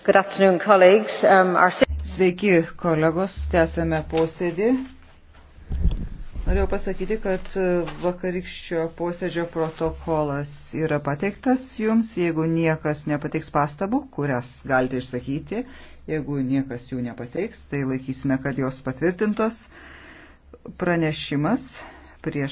Um, Sveiki, kolegos, tęsėme posėdį. Norėjau pasakyti, kad e, vakarykščio posėdžio protokolas yra pateiktas jums, jeigu niekas nepateiks pastabų, kurias galite išsakyti, jeigu niekas jų nepateiks, tai laikysime, kad jos patvirtintos. Pranešimas prieš.